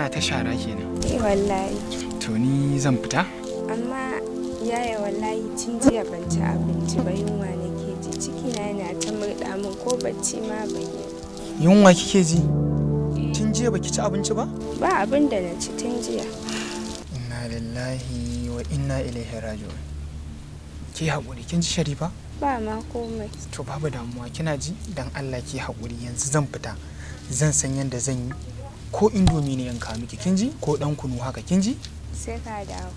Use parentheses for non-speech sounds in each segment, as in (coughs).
kana ta shara kenan eh wallahi to ni zan fita amma yaya wallahi tun jiya ban ci abinci ba yunwa nake ji ciki na yana ta murɗa min ko bacci ma ban yi yunwa kike ji tun jiya baki ci abinci ba ba abin da na ci tun jiya inna lillahi wa inna ilaihi raji'un ki haƙuri kin ji sharifa ba ma komai to babu damuwa kina ji dan Allah ki haƙuri yanzu zan fita zan san yadda zan yi ko indomi ne yanka miki kinji ko dan kunu haka kinji sai ka dawo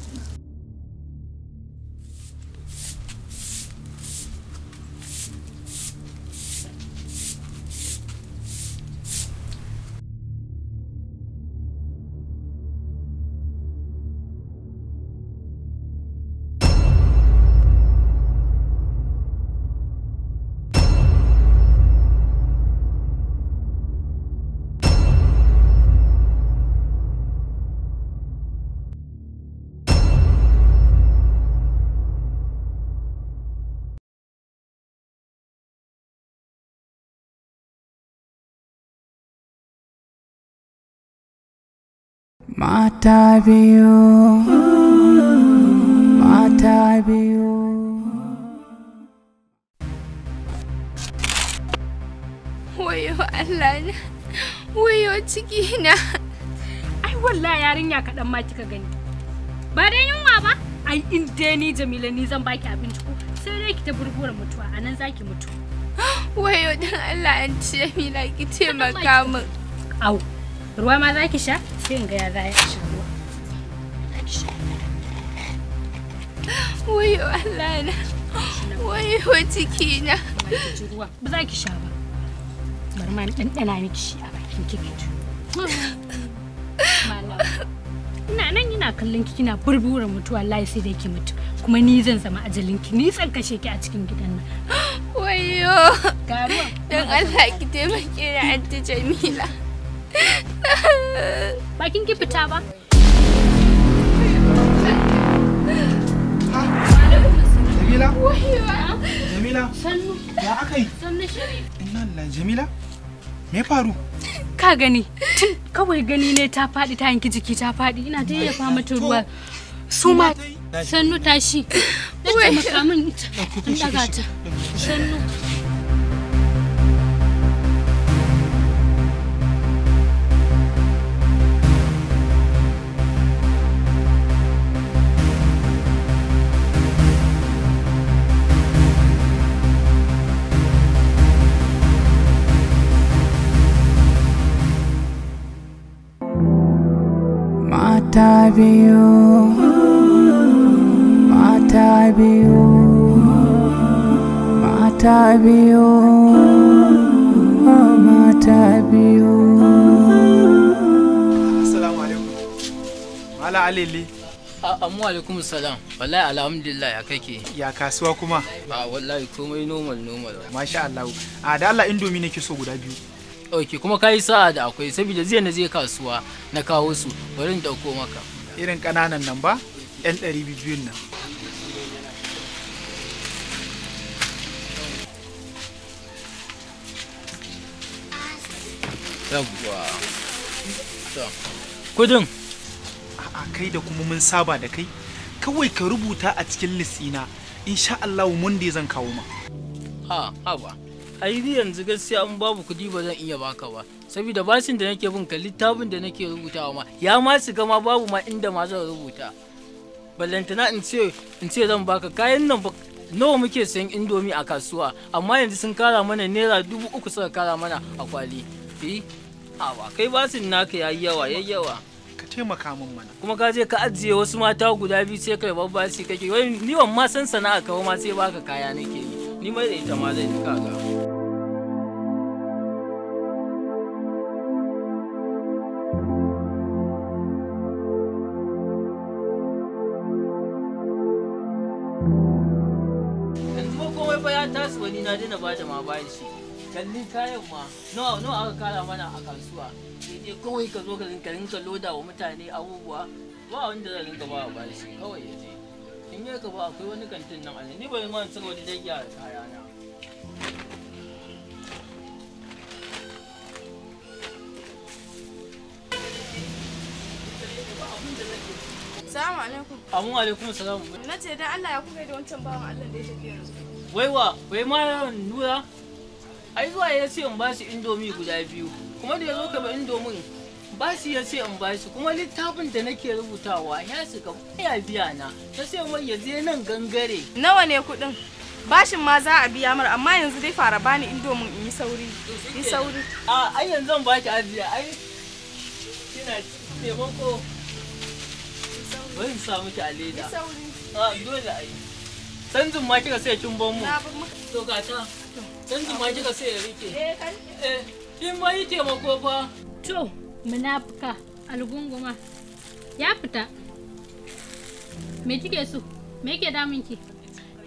mata biyu mata biyu wayo Allah na wayo ciki na ai wallahi yarinya kaɗan ma kika gani ba dai yunwa ba ai in dai ni Jamila ni zan baki abinci ko sai dai ki ta burbura mutuwa anan zaki mutu wayo dan Allah an ce Jamila ki taimaka min au ruwa ma za ki sha sai in gaya za ki sha ruwa wayo Allah na wayo ciki na ba za ki sha ba bar ma ni ɗanɗana miki shi a bakin kiki ina nan ina kallon ki kina burbura mutuwa wallahi sai dai ki mutu kuma ni zan zama ajalin ki ni zan kashe ki a cikin gidan nan wayo dan Allah ki taimake ni anti Jamila Bakin ki fita ba. Jamila? Jamila? Sannu. Ya aka yi? Sannu shiri. Inna Allah, Jamila? Me faru? Ka gani, kawai gani ne ta faɗi ta yanki jiki ta faɗi ina ta yi yayyafa mata ruwa. Su ma sannu tashi. Na (coughs) taimaka min. Sannu. mata biyu mata biyu mata biyu assalamu alaikum mala alili alaikum salam wallahi alhamdulillah ya kake ya kasuwa kuma wallahi komai normal normal masha Allah a da Allah indomi nake so guda biyu ok kuma kayi sa'a da akwai saboda zai na je kasuwa na kawo su bari in dauko maka irin kananan nan ba ɗan ɗari biyu nan kudin a kai da kuma mun saba da kai kawai ka rubuta a cikin lissina insha Allah mun da zan kawo ma ha ha ba ai yanzu gaskiya an babu kuɗi ba zan iya baka ba saboda basin da nake bin ka littafin da nake rubutawa ma ya ma shiga ma babu ma inda ma zan rubuta ballantana in ce in ce zan baka kayan nan nawa muke sayan indomi a kasuwa amma yanzu sun kara mana naira dubu uku suka kara mana a kwali fi awa kai basin naka yayi yawa yayi yawa ka taimaka min mana kuma ka je ka ajiye wasu mata guda biyu sai kai babba sai kake wai ni wannan ma san sana'a kawai ma sai baka kaya nake yi ni mai da ita ma zai duka ga ya na ba da ma bayan shi kalli kayan ma nawa nawa aka kara mana a kasuwa sai dai kawai ka zo ka rinka loda wa mutane abubuwa ba wanda zai rinka ba ba shi kawai ya je in ya ka ba akwai wani kantin nan a ni bari ma tsaro da dai ya kaya na Salamu alaikum. Amu alaikum salamu. Na ce dan Allah ya kuka da wancan bawan Allah da ya tafi yanzu. Waiwa, wai ma nura ai zuwa ya ce in bashi indomi guda biyu kuma da ya zo kaba indomin shi ya ce in bashi kuma littafin da nake rubutawa ya shiga baya biya na ta ce wai ya je nan gangare nawa ne kuɗin bashin ma za a biya mar amma yanzu dai fara bani indomin in yi sauri yi sauri a ai yanzu zan baki ajiya ai kina taimako wai in sa miki a leda a dole ai canjin ma kika sai kin mu to ga ta canjin ma kika sai rike eh, eh kin ma yi taimako fa to munafika algunguma ya fita me kike so me yake damun ki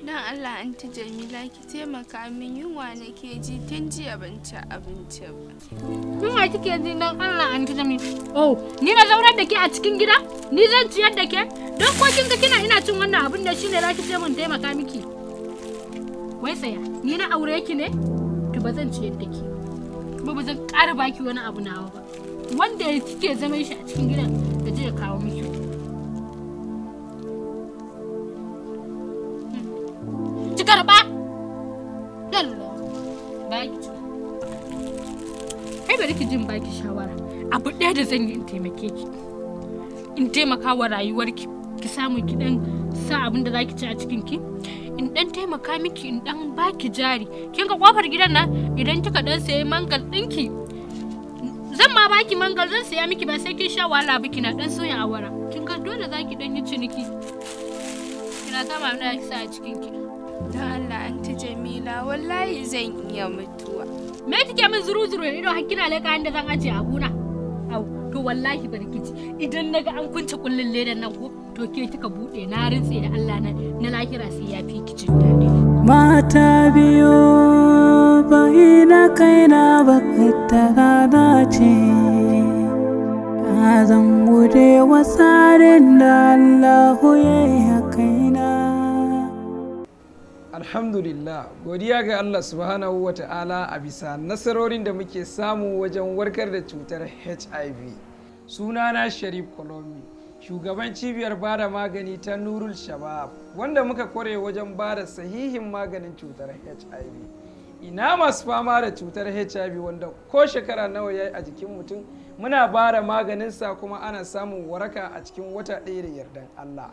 Don Allah anti Jamila ki taimaka min yin yunwa ke ji tun jiya ban ci abinci ba. wa kike ji don Allah anti Jamila. Oh, ni na zaunar da ke a cikin gida? Ni zan ciyar da ke? Don ko kin ga kina ina cin wannan abin da shine zaki je mun taimaka miki. Wai tsaya, ni na aure ki ne? To ba zan ciyar da ke. Kuma ba zan ƙara baki wani abu nawa ba. Wanda kike zama shi a cikin gidan da je ya kawo miki. abu ɗaya da zan yi in taimake ki in taimaka wa rayuwarki ki samu ki dan sa abin da zaki ci a cikin ki in dan taimaka miki in dan baki jari kin ga kofar gidan nan idan kika dan sayi mangal ɗinki zan ma baki mangal zan saya miki ba sai kin sha wahala ba kina dan soya awara kin ga dole zaki dan yi ciniki kina sama abin da zaki sa a cikin ki dan Allah anti Jamila wallahi zan iya mutuwa me kike min zuru zuru ido har kina leƙa inda zan aje a gona au to wallahi ba rikici idan naga an kunce kullun ledan nan ko to ke kika bude na rintse da Allah na na lahira sai ya fi kicin dadi mata biyo bai na na ba da dace azan gode wasarin da Allah ya kai alhamdulillah godiya ga allah subhanahu wa ta'ala a bisa nasarorin da muke samu wajen warkar da cutar hiv sunana sharif kolomi shugaban cibiyar bada magani ta nurul shabab wanda muka kware wajen bada sahihin maganin cutar hiv ina masu fama da cutar hiv wanda ko shekara nawa ya yi a jikin mutum muna bada maganinsa kuma ana samun waraka a cikin wata ɗaya da yardan allah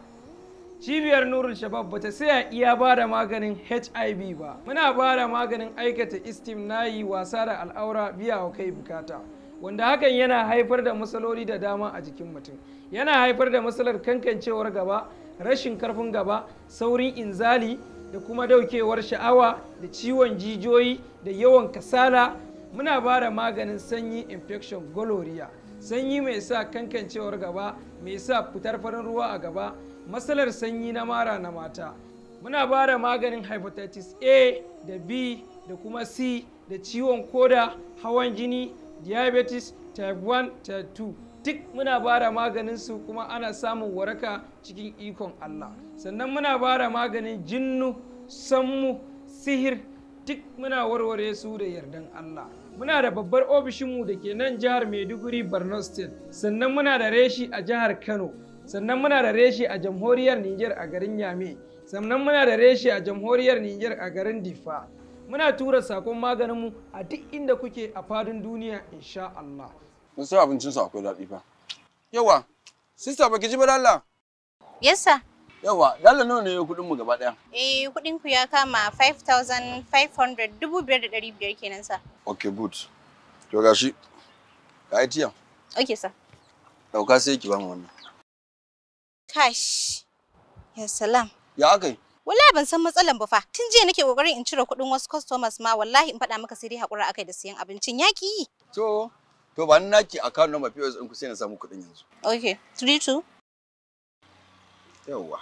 cibiyar nurul shabab bata saya iya ba da maganin hiv ba muna ba da maganin aikata istim na yi wasa da al'aura biya wa kai bukata wanda hakan yana haifar da matsaloli da dama a jikin mutum yana haifar da matsalar kankancewar gaba rashin karfin gaba saurin inzali da kuma daukewar sha'awa da ciwon jijiyoyi da yawan kasala muna ba da maganin sanyi infection gonorrhea sanyi mai sa kankancewar gaba mai sa fitar farin ruwa a gaba matsalar sanyi na mara na mata muna ba da maganin hepatitis a da b da kuma c da ciwon koda hawan jini diabetes type 1 type 2 duk muna ba da maganin su kuma ana samun waraka cikin ikon allah sannan muna ba da maganin jinnu sammu sihir duk muna warware su da yardan allah muna da babbar ofishinmu da ke nan jihar maiduguri borno state sannan muna da reshi a jihar kano sannan muna da reshe a jamhuriyar Nijar a garin Yame sannan muna da reshe a jamhuriyar Nijar a garin Difa muna tura sakon maganinmu a duk inda kuke a fadin duniya insha Allah mun san abincin su akwai daɗi fa yawa sister baki ji ba dalla yes sir yawa dalla nawa ne kuɗin mu gaba ɗaya eh kuɗin ku ya kama 5500 dubu 5500 kenan sa okay good to gashi ka yi tiya okay sir dauka sai ki ba mu wannan Kash. Ya salam. Ya aka yi? Wallahi ban san matsalan ba fa. Tun jiya nake kokarin in cire kuɗin wasu customers ma wallahi in faɗa maka sai dai hakura akai da siyan abincin yaki To, to ba naki account number POS ɗin ku sai na samu kuɗin yanzu. Okay, 32. Yawwa.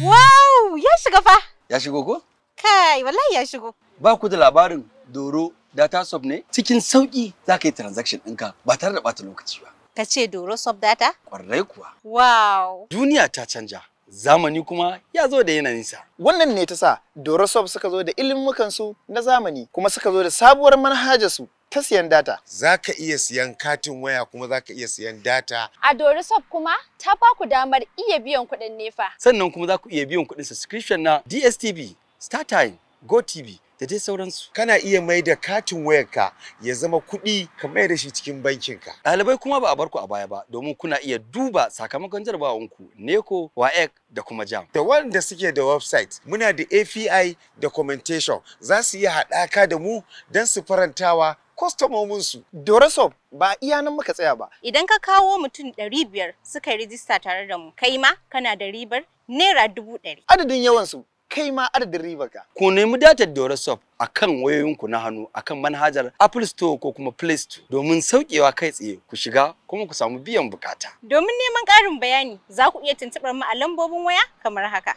Wow, ya shiga fa. Ya shigo ko? Kai, wallahi ya shigo. Ba ku da labarin Doro data shop ne? Cikin sauki za ka yi transaction ɗinka ba tare da ɓata lokaci ba. Ka ce Doro of Data? Ah? Kwarai kuwa. Wow! Duniya ta canja. Zamani kuma ya zo da yanayinsa. Wannan ne ta sa Dorosof suka zo da ilimukansu na zamani kuma suka zo da sabuwar manhajar su ta siyan data. Za ka iya siyan katin waya kuma za ka iya siyan data. A Dorisop kuma ta ba ku damar iya biyan kuɗin nefa. Sannan kuma za ku iya biyan kuɗin subscription na DSTV, StarTime, GoTV da dai sauransu. Kana iya mai da katin wayarka ya zama kuɗi ka mai da shi cikin bankinka. Ɗalibai kuma ba a bar ku a baya ba domin kuna iya duba sakamakon jarabawanku neko waec da kuma jam. Da wanda suke da website muna da API documentation za su iya haɗaka da mu don su farantawa kwastomominsu. Doraso ba iya nan muka tsaya ba. Idan ka kawo mutum ɗari biyar suka yi rijista tare da mu, kai ma kana da ribar naira dubu ɗari. Adadin yawansu kai ma adadin ribarka. Ku nemi datar Dorasop a kan wayoyinku na hannu a kan manhajar Apple Store ko kuma Play Store domin saukewa kai tsaye ku shiga kuma ku samu biyan bukata. Domin neman ƙarin bayani za ku iya tuntuɓar mu a lambobin waya kamar haka.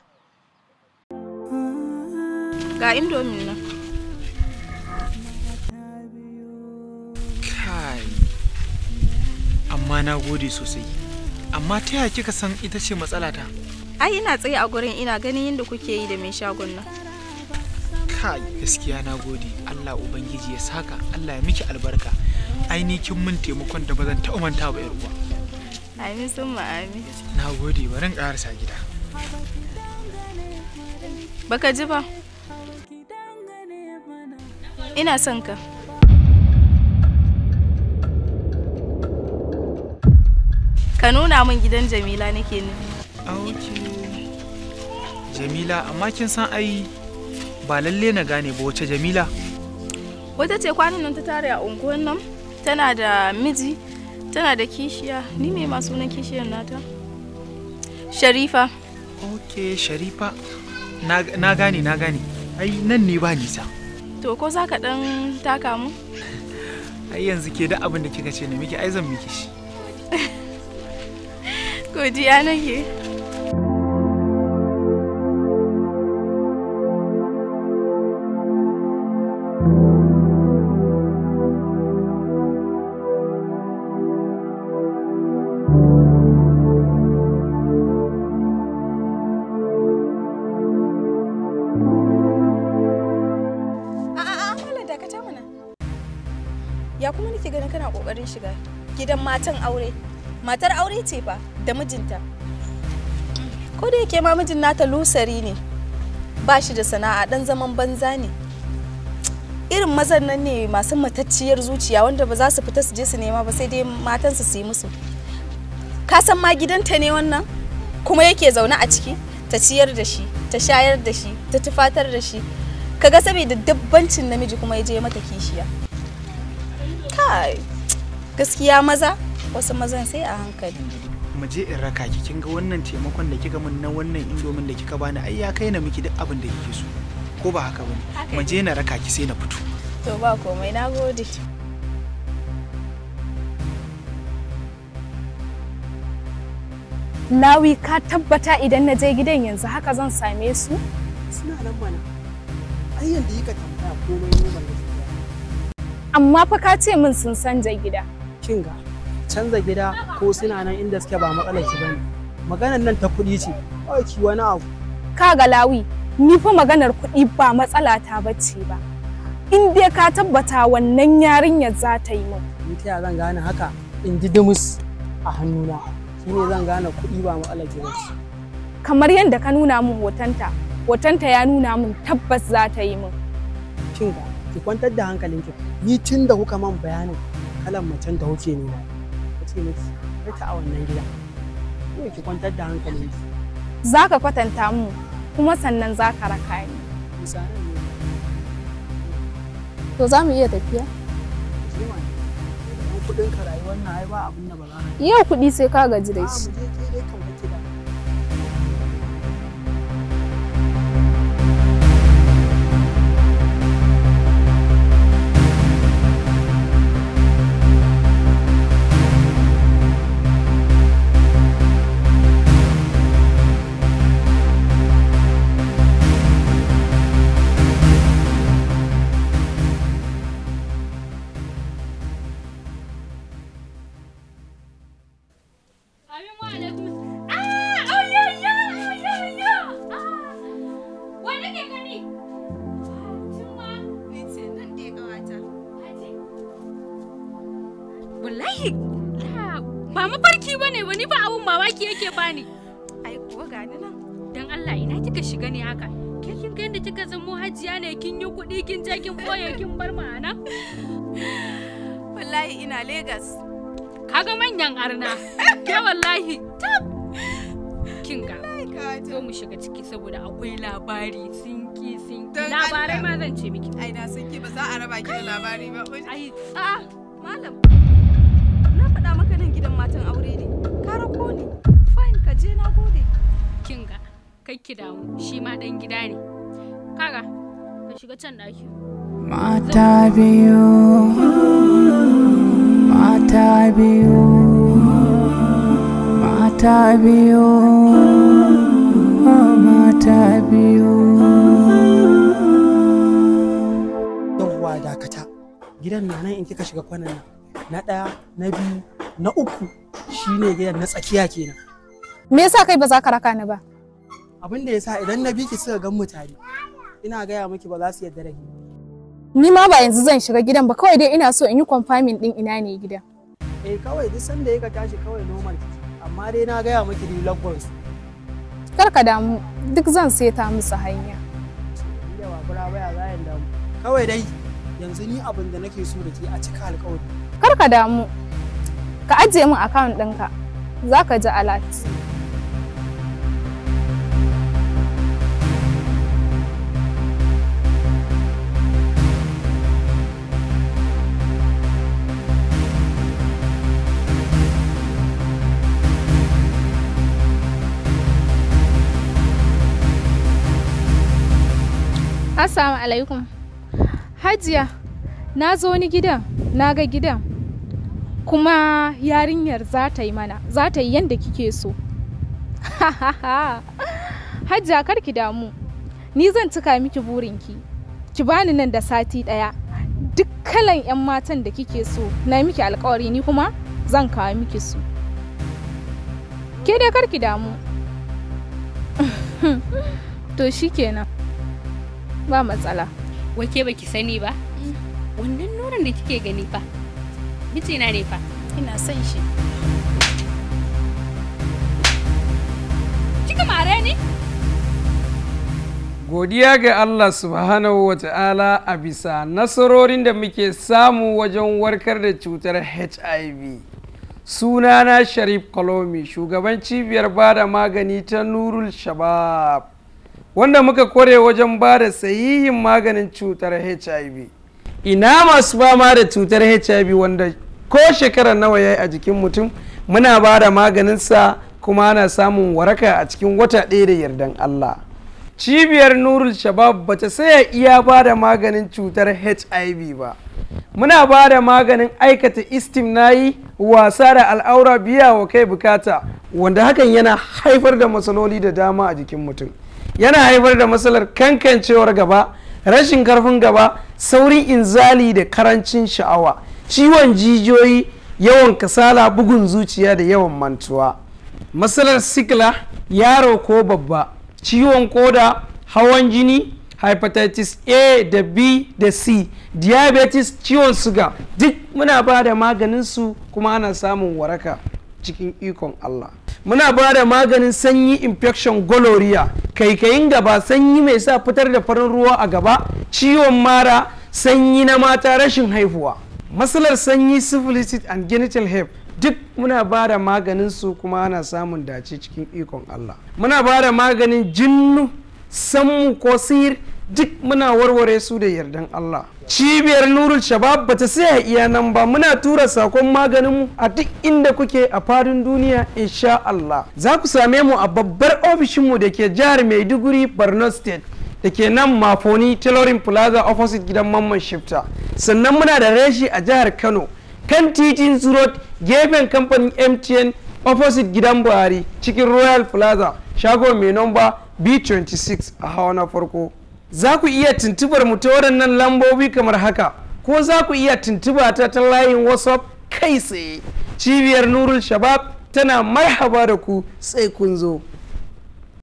Ga indomin nan. Kai, amma na gode sosai. Amma ta yaya kika san ita ce matsalata? ai ina tsaye a gurin ina ganin yadda kuke yi da mai shagon nan kai gaskiya na gode Allah ubangiji ya saka Allah ya miki albarka ainihin mun taimakon da bazan taɓa manta ba uwa. amin sun amin na gode bari in ƙarasa gida baka ji ba ina son ka ka nuna min gidan jamila nake nufi jamila amma kin san ai ba lalle na gane ba wace jamila wata ce kwanan nan ta tare a unguwan nan tana da miji tana da kishiya ni ne masu sunan kishiyar nata sharifa ok sharifa na gane na gane ai nan ne ba nisa to ko za ka dan taka mu (laughs) ai yanzu ke da abin da kika ce na miki ai zan miki shi (laughs) godiya nake kuma nake ganin kana kokarin shiga gidan matan aure matar aure ce fa da mijinta ko da yake ma mijin nata lusari ne ba shi da sana'a dan zaman banza ne irin mazan nan ne masu matacciyar zuciya wanda ba za su fita su je su nema ba sai dai matansa su yi musu ka san ma gidanta ne wannan kuma yake zaune a ciki ta ciyar da shi ta shayar da shi ta tufatar da shi kaga saboda dabbancin namiji kuma ya je mata kishiya gaskiya maza wasu mazan sai a hankali mu je in raka ki kin ga wannan taimakon da kika min na wannan indomin da kika bani ai ya kai na miki duk abin da kike so ko ba haka bane mu je na raka ki sai na fito to ba komai nagode Lawi ka tabbata idan na je gidan yanzu haka zan same su? Suna nan bana. Ai yanda yi ka tambaya komai ne amma fa ka ce min sun canza gida kinga canza gida ko suna nan inda suke ba matsalar ki bane maganar nan ta kuɗi ce kawai ki wani abu ka ga lawi ni fa maganar kuɗi ba matsala ta bace ba in dai ka tabbata wannan yarinyar za ta yi min ni ta zan gane haka in ji dumus a hannuna shine zan gane kuɗi ba matsalar ki bace kamar yadda ka nuna min hotonta hotonta ya nuna min tabbas za ta yi min kinga ki kwantar da hankalinki ni tun da kuka man bayanin kalan macen da kuke nuna ka ce miki kai ta a wannan gida ko ki kwantar da hankalinki zaka kwatanta mu kuma sannan zaka raka ni to za mu iya tafiya kudin ka rayuwar na ai ba abin da ba za ka yau kudi sai ka gaji da shi wallahi ba mafarki ba ne wani ba abun mawaki yake bani. Ai kuwa ni nan. Don Allah ina kika shiga ne haka. Ke kin ga yadda kika zamo hajiya ne kin yi kuɗi kin je kin boye kin bar ma'ana. Wallahi ina Legas. Kaga manyan arna. Ke wallahi tab. Kin ga. Zo mu shiga ciki saboda akwai labari sinki sinki. Labarai ma zan ce miki. Ai na sinki ba za a raba ki da labari ba. Ai a malam. kakki damu shi ma dan gida ne kaga ka shiga can daki mata biyu mata biyu mata biyu mata biyu yawwa dakata gidan na nan in kika shiga kwanan nan na ɗaya na biyu na uku shine gidan na tsakiya kenan me yasa kai ba za ka raka ni ba abin da ya sa idan na biki suka gan mu ina gaya miki ba za su yarda da ni ma ba yanzu zan shiga gidan ba kawai dai ina so in yi confirming din ina ne gidan eh kawai duk sanda ka tashi kawai normal amma dai na gaya miki ni laggon su kar ka damu duk zan seta musu hanya yawa bura baya za yan damu kawai dai yanzu ni abin da nake so da ke a cika alƙawari kar ka damu ka ajiye min account ɗinka za ka ji alert Assalamu alaikum. Hajiya, na zo ni gidan, na ga gidan. Kuma yarinyar za ta yi mana, za ta yi yadda kike so. Hajiya kar ki damu, ni zan cika miki burinki. Ki bani nan da sati ɗaya. Duk kalan 'yan matan da kike so, na miki alkawari ni kuma zan kawo miki su. Ke dai kar ki damu. (laughs) to shikenan. ba matsala wake ki sani ba mm. wannan nuran da kike gani fa mijina ne fa ina son shi kika mare ni? godiya ga Allah subhanahu wa ta'ala a bisa nasarorin da muke samu wajen warkar da cutar HIV. Sunana Sharif Kolomi, shugaban cibiyar bada magani ta Nurul Shabab. wanda muka kore wajen ba da sahihin maganin cutar hiv ina masu fama da cutar hiv wanda ko shekara nawa ya yi a jikin mutum muna ba da maganinsa kuma ana samun waraka a cikin wata ɗaya da yardan allah cibiyar nurul shabab bata saya iya ba da maganin cutar hiv ba muna ba da maganin aikata istim nayi wasa da al'aura biya wa kai bukata wanda hakan yana haifar da matsaloli da dama a jikin mutum yana haifar da matsalar kankancewar gaba rashin karfin gaba saurin inzali da karancin sha'awa ciwon jijiyoyi yawan kasala bugun zuciya da yawan mantuwa matsalar sikila yaro ko babba ciwon koda hawan jini hepatitis a da b da c diabetes ciwon suga duk muna ba da maganinsu kuma ana samun waraka cikin ikon allah muna ba da maganin sanyi infection gonorrhea kaikayin gaba sanyi mai sa fitar da farin ruwa a gaba ciwon mara sanyi na mata rashin haihuwa matsalar sanyi syphilis and genital herp duk muna ba da maganin su kuma ana samun dace cikin ikon Allah muna ba da maganin jinnu sammu ko sihir duk muna warware su da yardan Allah cibiyar nurul shabab bata saya iya nan ba muna tura sakon maganin a duk inda kuke a fadin duniya insha Allah za ku same mu a babbar ofishinmu da ke jihar Maiduguri Borno State da ke nan mafoni tailoring plaza opposite gidan mamman shifta sannan muna da reshi a jihar kano kan titin road gefen kamfanin mtn opposite gidan buhari cikin royal plaza shago mai nomba b26 a hawa na farko za ku iya tuntubar mu ta waɗannan lambobi kamar haka ko za ku iya tuntuba ta ta layin whatsapp kai tsaye cibiyar nurul shabab tana marhaba da ku sai kun zo